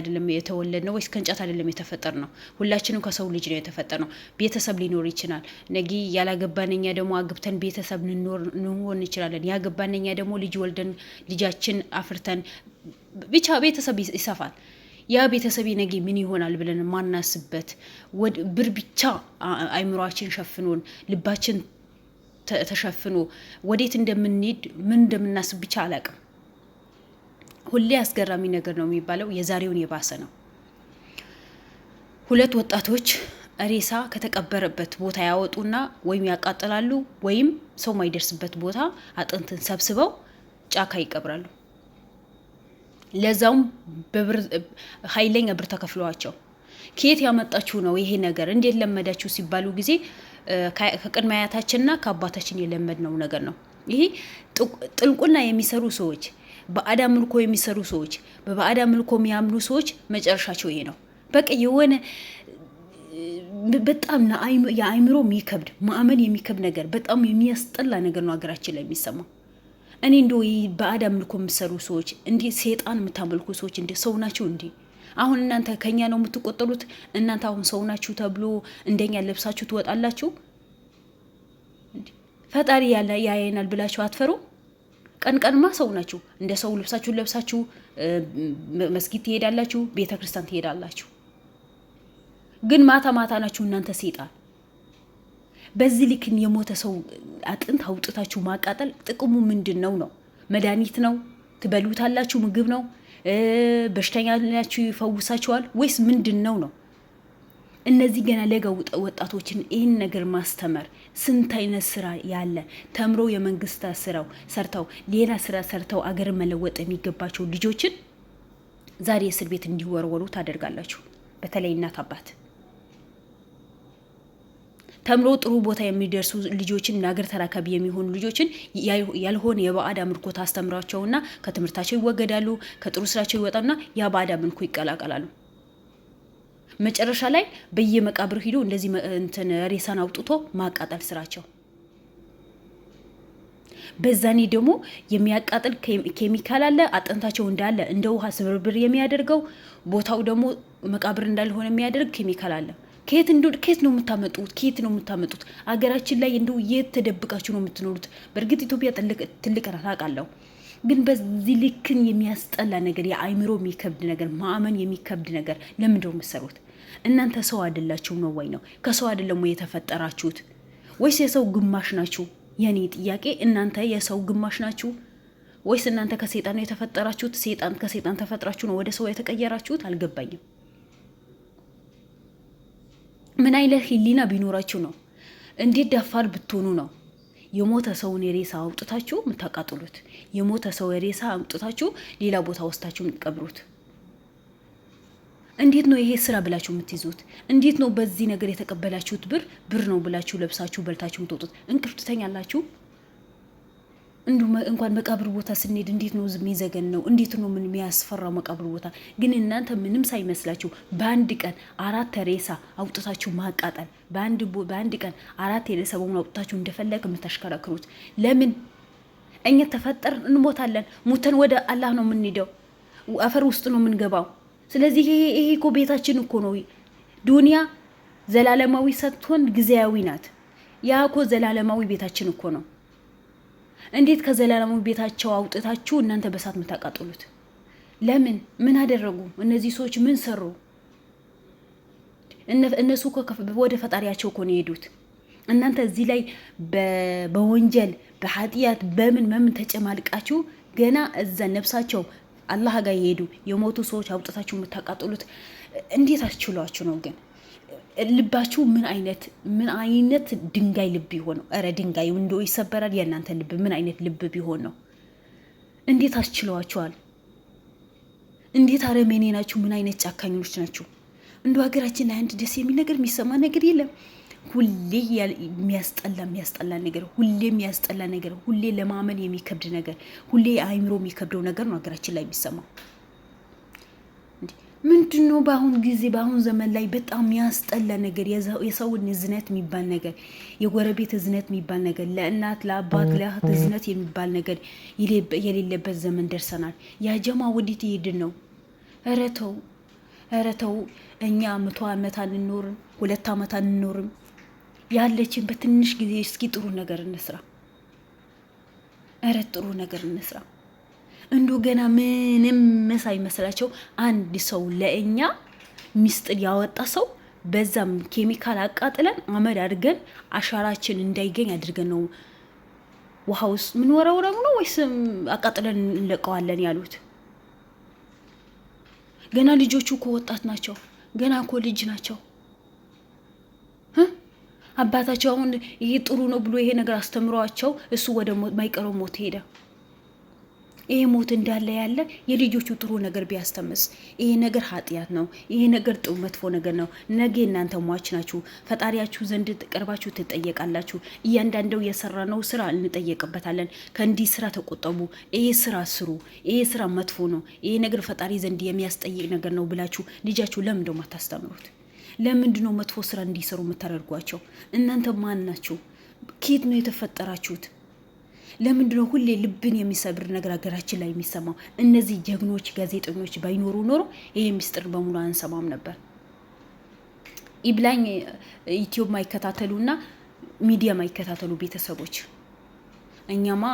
አይደለም የተወለድ ነው ወይስ ከእንጨት አይደለም የተፈጠር ነው? ሁላችንም ከሰው ልጅ ነው የተፈጠር ነው። ቤተሰብ ሊኖር ይችላል። ነጊ ያላገባነኛ ደግሞ አግብተን ቤተሰብ ንሆን እንችላለን። ያገባነኛ ደግሞ ልጅ ወልደን ልጃችን አፍርተን ብቻ ቤተሰብ ይሰፋል። ያ ቤተሰብ ነገ ምን ይሆናል ብለን ማናስበት ብር ብቻ አይምሯችን ሸፍኖን ልባችን ተሸፍኖ ወዴት እንደምንሄድ ምን እንደምናስብ ብቻ አላቅም። ሁሌ አስገራሚ ነገር ነው የሚባለው የዛሬውን የባሰ ነው። ሁለት ወጣቶች ሬሳ ከተቀበረበት ቦታ ያወጡና ወይም ያቃጥላሉ ወይም ሰው ማይደርስበት ቦታ አጥንትን ሰብስበው ጫካ ይቀብራሉ። ለዛውም ኃይለኛ ብር ተከፍለዋቸው። ከየት ያመጣችሁ ነው ይሄ ነገር እንዴት ለመዳችሁ ሲባሉ ጊዜ ከቅድመ አያታችንና ከአባታችን የለመድነው ነገር ነው። ይሄ ጥልቁና የሚሰሩ ሰዎች በአዳ ልኮ የሚሰሩ ሰዎች፣ በባዕዳ ልኮ የሚያምኑ ሰዎች መጨረሻቸው ይሄ ነው። በቃ የሆነ በጣም የአእምሮ የሚከብድ ማዕመን የሚከብድ ነገር በጣም የሚያስጠላ ነገር ነው ሀገራችን ላይ የሚሰማው። እኔ እንዲ በአዳ ምልኮ የምሰሩ ሰዎች እንዲ ሴጣን የምታመልኩ ሰዎች እንዲ ሰው ናቸው እንዲ አሁን እናንተ ከኛ ነው የምትቆጠሩት? እናንተ አሁን ሰው ናችሁ ተብሎ እንደኛ ለብሳችሁ ትወጣላችሁ? ፈጣሪ ያየናል ብላችሁ አትፈሩ? ቀን ቀንማ ሰው ናችሁ። እንደ ሰው ልብሳችሁን ለብሳችሁ መስጊድ ትሄዳላችሁ፣ ቤተ ክርስቲያን ትሄዳላችሁ። ግን ማታ ማታ ናችሁ እናንተ ሴጣን። በዚህ ልክን የሞተ ሰው አጥንት አውጥታችሁ ማቃጠል ጥቅሙ ምንድን ነው? ነው መድኃኒት ነው? ትበሉታላችሁ? ምግብ ነው? በሽተኛ ናችሁ ይፈውሳችኋል? ወይስ ምንድን ነው ነው እነዚህ ገና ለገውጠ ወጣቶችን ይህን ነገር ማስተመር ስንት አይነት ስራ ያለ ተምሮ የመንግስት ስራው ሰርተው ሌላ ስራ ሰርተው አገር መለወጥ የሚገባቸው ልጆችን ዛሬ እስር ቤት እንዲወረወሩ ታደርጋላችሁ። በተለይ እናት አባት ተምሮ ጥሩ ቦታ የሚደርሱ ልጆችን ለሀገር ተራካቢ የሚሆኑ ልጆችን ያልሆነ የባዕድ አምልኮ ታስተምሯቸውና ከትምህርታቸው ይወገዳሉ፣ ከጥሩ ስራቸው ይወጣሉና ያ ባዕድ አምልኮ ይቀላቀላሉ። መጨረሻ ላይ በየመቃብር ሂዶ እንደዚህ እንትን ሬሳን አውጥቶ ማቃጠል ስራቸው። በዛኔ ደግሞ የሚያቃጥል ኬሚካል አለ። አጥንታቸው እንዳለ እንደ ውሃ ስብርብር የሚያደርገው ቦታው ደግሞ መቃብር እንዳልሆነ የሚያደርግ ኬሚካል አለ። ከየት ነው የምታመጡት? ከየት ነው የምታመጡት? አገራችን ላይ እንደው የት ተደብቃችሁ ነው የምትኖሩት? በእርግጥ ኢትዮጵያ ትልቅ ናት አውቃለሁ። ግን በዚህ ልክን የሚያስጠላ ነገር፣ የአይምሮ የሚከብድ ነገር፣ ማመን የሚከብድ ነገር ለምንድነው የምትሰሩት? እናንተ ሰው አይደላችሁ ነው ወይ? ነው ከሰው አይደለም ወይ የተፈጠራችሁት? ወይስ የሰው ግማሽ ናችሁ? የኔ ጥያቄ እናንተ የሰው ግማሽ ናችሁ ወይስ እናንተ ከሴጣን ነው የተፈጠራችሁት? ሴጣን ከሴጣን ተፈጥራችሁ ነው ወደ ሰው የተቀየራችሁት? አልገባኝም። ምን አይነት ህሊና ቢኖራችሁ ነው? እንዴት ደፋር ብትሆኑ ነው? የሞተ ሰውን የሬሳ አውጥታችሁ የምታቃጥሉት፣ የሞተ ሰው የሬሳ አውጥታችሁ ሌላ ቦታ ወስታችሁ የምትቀብሩት እንዴት ነው ይሄ ስራ ብላችሁ የምትይዙት? እንዴት ነው በዚህ ነገር የተቀበላችሁት ብር ብር ነው ብላችሁ ለብሳችሁ በልታችሁ የምትወጡት? እንቅልፍ ትተኛላችሁ። እንዱ እንኳን መቃብር ቦታ ስንሄድ እንዴት ነው የሚዘገን ነው? እንዴት ነው ምን የሚያስፈራው መቃብር ቦታ? ግን እናንተ ምንም ሳይመስላችሁ በአንድ ቀን አራት ሬሳ አውጥታችሁ ማቃጠል፣ በአንድ ቀን አራት የሬሳ በሙሉ አውጥታችሁ እንደፈለገ የምታሽከረክሩት ለምን? እኛ ተፈጠር እንሞታለን። ሙተን ወደ አላህ ነው የምንሄደው፣ አፈር ውስጥ ነው የምንገባው። ስለዚህ ይሄ እኮ ቤታችን እኮ ነው። ዱንያ ዘላለማዊ ሰጥቶን ጊዜያዊ ናት። ያ እኮ ዘላለማዊ ቤታችን እኮ ነው። እንዴት ከዘላለሙ ቤታቸው አውጥታችሁ እናንተ በሳት የምታቃጥሉት? ለምን? ምን አደረጉ? እነዚህ ሰዎች ምን ሰሩ? እነሱ ወደ ፈጣሪያቸው እኮ ነው የሄዱት። እናንተ እዚህ ላይ በወንጀል በኃጢአት በምን በምን ተጨማልቃችሁ ገና እዛ ነብሳቸው አላህ ጋር የሄዱ የሞቱ ሰዎች አውጥታችሁ የምታቃጥሉት እንዴት አስችሏችሁ ነው ግን? ልባችሁ ምን አይነት ምን አይነት ድንጋይ ልብ ይሆን ነው? ኧረ ድንጋይ እንዶ ይሰበራል። የእናንተ ልብ ምን አይነት ልብ ቢሆን ነው? እንዴት አስችለዋችኋል? እንዴት አረመኔ ናችሁ? ምን አይነት ጫካኞች ናችሁ? እንዶ ሀገራችን ላይ አንድ ደስ የሚል ነገር የሚሰማ ነገር የለም። ሁሌ የሚያስጠላ የሚያስጠላ ነገር ሁሌ የሚያስጠላ ነገር ሁሌ ለማመን የሚከብድ ነገር ሁሌ አይምሮ የሚከብደው ነገር ነው ሀገራችን ላይ የሚሰማው። ምንድን ነው በአሁን ጊዜ በአሁን ዘመን ላይ በጣም ያስጠላ ነገር የሰውን እዝነት የሚባል ነገር፣ የጎረቤት እዝነት የሚባል ነገር፣ ለእናት ለአባት ለእህት እዝነት የሚባል ነገር የሌለበት ዘመን ደርሰናል። ያጀማ ወዴት ይሄድን ነው? ኧረ ተው፣ ኧረ ተው። እኛ መቶ ዓመት አንኖርም፣ ሁለት ዓመት አንኖርም። ያለችን በትንሽ ጊዜ እስኪ ጥሩ ነገር እንስራ። ኧረ ጥሩ ነገር እንስራ። እንዶ ገና ምንም ሳይመስላቸው አንድ ሰው ለእኛ ሚስጥር ያወጣ ሰው በዛም ኬሚካል አቃጥለን አመድ አድርገን አሻራችን እንዳይገኝ አድርገን ነው ውሃ ውስጥ ምንወረው ደግሞ ነው ወይስ አቃጥለን እንለቀዋለን ያሉት? ገና ልጆቹ እኮ ወጣት ናቸው። ገና እኮ ልጅ ናቸው። አባታቸው አሁን ይሄ ጥሩ ነው ብሎ ይሄ ነገር አስተምሯቸው እሱ ወደ ማይቀረው ሞት ሄደ። ይሄ ሞት እንዳለ ያለ የልጆቹ ጥሩ ነገር ቢያስተምስ ይሄ ነገር ኃጢአት ነው፣ ይሄ ነገር ጥሩ መጥፎ ነገር ነው። ነገ እናንተ ሟች ናችሁ፣ ፈጣሪያችሁ ዘንድ ቀርባችሁ ትጠየቃላችሁ። እያንዳንደው ነው ስራ እንጠየቅበታለን። ከእንዲህ ስራ ተቆጠቡ፣ ይሄ ስራ ስሩ፣ ይሄ ስራ መጥፎ ነው፣ ይሄ ነገር ፈጣሪ ዘንድ የሚያስጠይቅ ነገር ነው ብላችሁ ልጃችሁ ለምን ደሞ አታስተምሩት? ለምንድን ነው መጥፎ ስራ እንዲሰሩ የምታደርጓቸው? እናንተ ማን ናችሁ? ኬት ነው የተፈጠራችሁት? ለምንድነው ሁሌ ልብን የሚሰብር ነገር ሀገራችን ላይ የሚሰማው? እነዚህ ጀግኖች ጋዜጠኞች ባይኖሩ ኖሮ ይሄ ሚስጥር በሙሉ አንሰማም ነበር። ኢብላኝ ዩቲዩብ ማይከታተሉና ሚዲያ ማይከታተሉ ቤተሰቦች እኛማ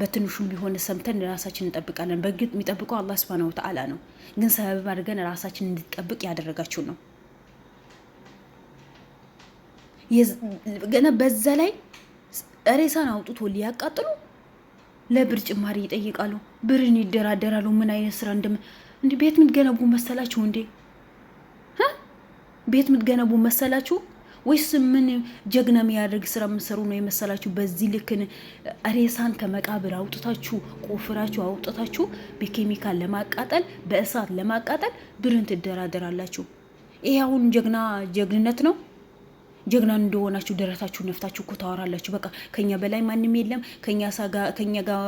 በትንሹም ቢሆን ሰምተን ራሳችን እንጠብቃለን። በእርግጥ የሚጠብቀው አላህ ሱብሃነሁ ወተዓላ ነው፣ ግን ሰበብ አድርገን ራሳችን እንድጠብቅ ያደረጋችሁ ነው። ገና በዛ ላይ ሬሳን አውጥቶ ሊያቃጥሉ ለብር ጭማሪ ይጠይቃሉ፣ ብርን ይደራደራሉ። ምን አይነት ስራ እንደም እንዴ! ቤት የምትገነቡ መሰላችሁ እንዴ? ቤት የምትገነቡ መሰላችሁ ወይስ ምን ጀግና የሚያደርግ ስራ የምትሰሩ ነው የመሰላችሁ? በዚህ ልክን ሬሳን ከመቃብር አውጥታችሁ ቆፍራችሁ አውጥታችሁ በኬሚካል ለማቃጠል በእሳት ለማቃጠል ብርን ትደራደራላችሁ። ይሄ አሁን ጀግና ጀግንነት ነው? ጀግና እንደሆናችሁ ደረታችሁ ነፍታችሁ እኮ ታወራላችሁ። በቃ ከኛ በላይ ማንም የለም። ከኛ ጋር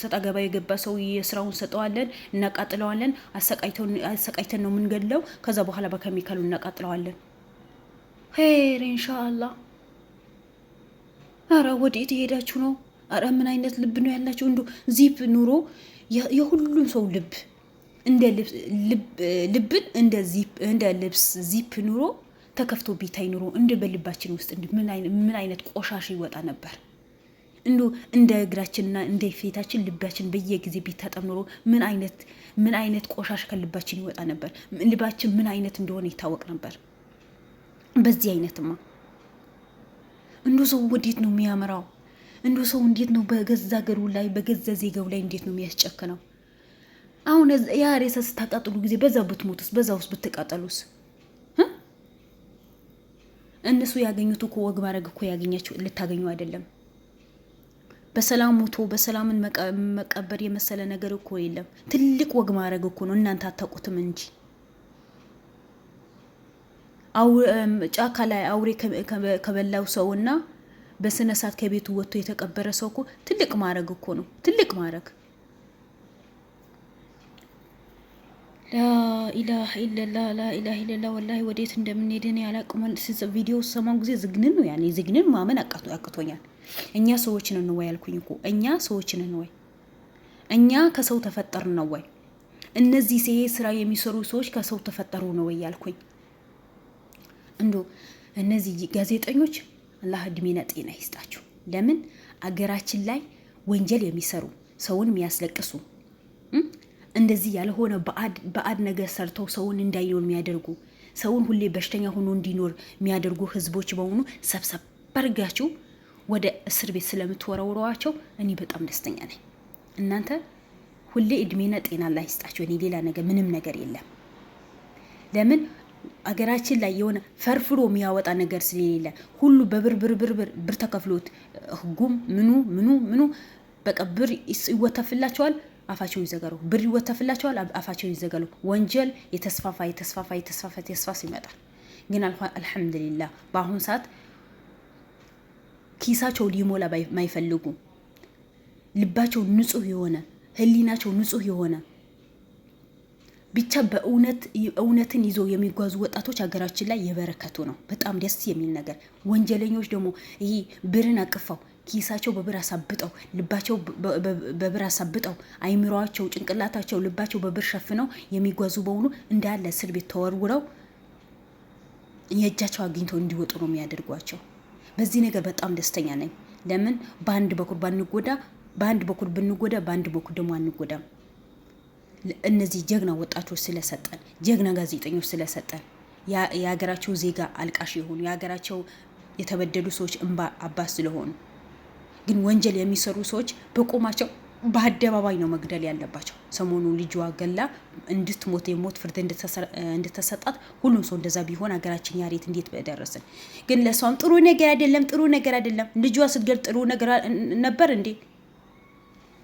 ሰጣ ገባ የገባ ሰው የስራውን ሰጠዋለን፣ እናቃጥለዋለን። አሰቃይተን ነው የምንገድለው። ከዛ በኋላ በከሚካሉ እናቃጥለዋለን። ሄር ኢንሻአላ። አረ ወዴት የሄዳችሁ ነው? አረ ምን አይነት ልብ ነው ያላችሁ? እንዶ ዚፕ ኑሮ የሁሉም ሰው ልብ እንደ ልብን እንደ ልብስ ዚፕ ኑሮ ተከፍቶ ቢታይ ኑሮ እንደ በልባችን ውስጥ ምን አይነት ቆሻሽ ይወጣ ነበር? እንዱ እንደ እግራችንና እንደ ፊታችን ልባችን በየጊዜ ቢታጠብ ኑሮ ምን አይነት ቆሻሽ ከልባችን ይወጣ ነበር? ልባችን ምን አይነት እንደሆነ ይታወቅ ነበር። በዚህ አይነትማ እንዱ ሰው ወዴት ነው የሚያመራው? እንዱ ሰው እንዴት ነው በገዛ ገሩ ላይ በገዛ ዜጋው ላይ እንዴት ነው የሚያስጨክነው? አሁን ያ ሬሳ ስታቃጥሉ ጊዜ በዛ ብትሞቱስ? በዛ ውስጥ ብትቃጠሉስ? እነሱ ያገኙት እኮ ወግ ማድረግ እኮ ያገኛቸው ልታገኙ አይደለም። በሰላም ሞቶ በሰላምን መቀበር የመሰለ ነገር እኮ የለም። ትልቅ ወግ ማድረግ እኮ ነው። እናንተ አታውቁትም እንጂ ጫካ ላይ አውሬ ከበላው ሰው እና በስነ ስርዓት ከቤቱ ወጥቶ የተቀበረ ሰው እኮ ትልቅ ማድረግ እኮ ነው። ትልቅ ማድረግ ላኢላህ ኢለላ ላኢላህ ኢለላ ወላሂ ወዴት እንደምንሄድ እኔ አላቅም። ቪዲዮ ሰማን ጊዜ ዝግንን ነው ያኔ ዝግንን ማመን አቅቶኛል። እኛ ሰዎችን እንወይ አልኩኝ እኮ እኛ ሰዎችን እንወይ እኛ ከሰው ተፈጠርን ነው ወይ እነዚህ ሴ ስራ የሚሰሩ ሰዎች ከሰው ተፈጠሩ ነው ወይ ያልኩኝ። እንዶ እነዚህ ጋዜጠኞች አላህ እድሜና ጤና ይስጣችሁ። ለምን አገራችን ላይ ወንጀል የሚሰሩ ሰውን የሚያስለቅሱ እንደዚህ ያልሆነ በአድ ነገር ሰርተው ሰውን እንዳይኖር የሚያደርጉ ሰውን ሁሌ በሽተኛ ሆኖ እንዲኖር የሚያደርጉ ህዝቦች በሆኑ ሰብሰብ አድርጋችሁ ወደ እስር ቤት ስለምትወረውረዋቸው እኔ በጣም ደስተኛ ነኝ። እናንተ ሁሌ እድሜና ጤና ላይ ይስጣችሁ። እኔ ሌላ ነገር ምንም ነገር የለም። ለምን አገራችን ላይ የሆነ ፈርፍሮ የሚያወጣ ነገር ስለሌለ ሁሉ በብር ብር ብር ብር ብር ተከፍሎት ህጉም ምኑ ምኑ ምኑ በቃ ብር ይወተፍላቸዋል። አፋቸውን ይዘጋሉ። ብር ይወተፍላቸዋል፣ አፋቸውን ይዘጋሉ። ወንጀል የተስፋፋ የተስፋፋ የተስፋፋ የተስፋፋ ይመጣል። ግን አልሐምዱሊላህ በአሁኑ ሰዓት ኪሳቸው ሊሞላ ማይፈልጉ ልባቸው ንጹህ የሆነ ህሊናቸው ንጹህ የሆነ ብቻ በእውነት እውነትን ይዘው የሚጓዙ ወጣቶች ሀገራችን ላይ የበረከቱ ነው። በጣም ደስ የሚል ነገር። ወንጀለኞች ደግሞ ይህ ብርን አቅፋው ኪሳቸው በብር አሳብጠው፣ ልባቸው በብር አሳብጠው፣ አይምሯቸው፣ ጭንቅላታቸው፣ ልባቸው በብር ሸፍነው የሚጓዙ በሆኑ እንዳለ እስር ቤት ተወርውረው የእጃቸው አግኝተው እንዲወጡ ነው የሚያደርጓቸው። በዚህ ነገር በጣም ደስተኛ ነኝ። ለምን በአንድ በኩል ባንጎዳ፣ በአንድ በኩል ብንጎዳ፣ በአንድ በኩል ደግሞ አንጎዳም። እነዚህ ጀግና ወጣቶች ስለሰጠን፣ ጀግና ጋዜጠኞች ስለሰጠን የሀገራቸው ዜጋ አልቃሽ የሆኑ የሀገራቸው የተበደሉ ሰዎች እንባ አባስ ስለሆኑ ግን ወንጀል የሚሰሩ ሰዎች በቆማቸው በአደባባይ ነው መግደል ያለባቸው። ሰሞኑ ልጅዋ ገላ እንድትሞት የሞት ፍርድ እንድተሰጣት ሁሉም ሰው እንደዛ ቢሆን ሀገራችን ያሬት እንዴት በደረስን። ግን ለእሷም ጥሩ ነገር አይደለም፣ ጥሩ ነገር አይደለም። ልጅዋ ስትገል ጥሩ ነገር ነበር እንዴ?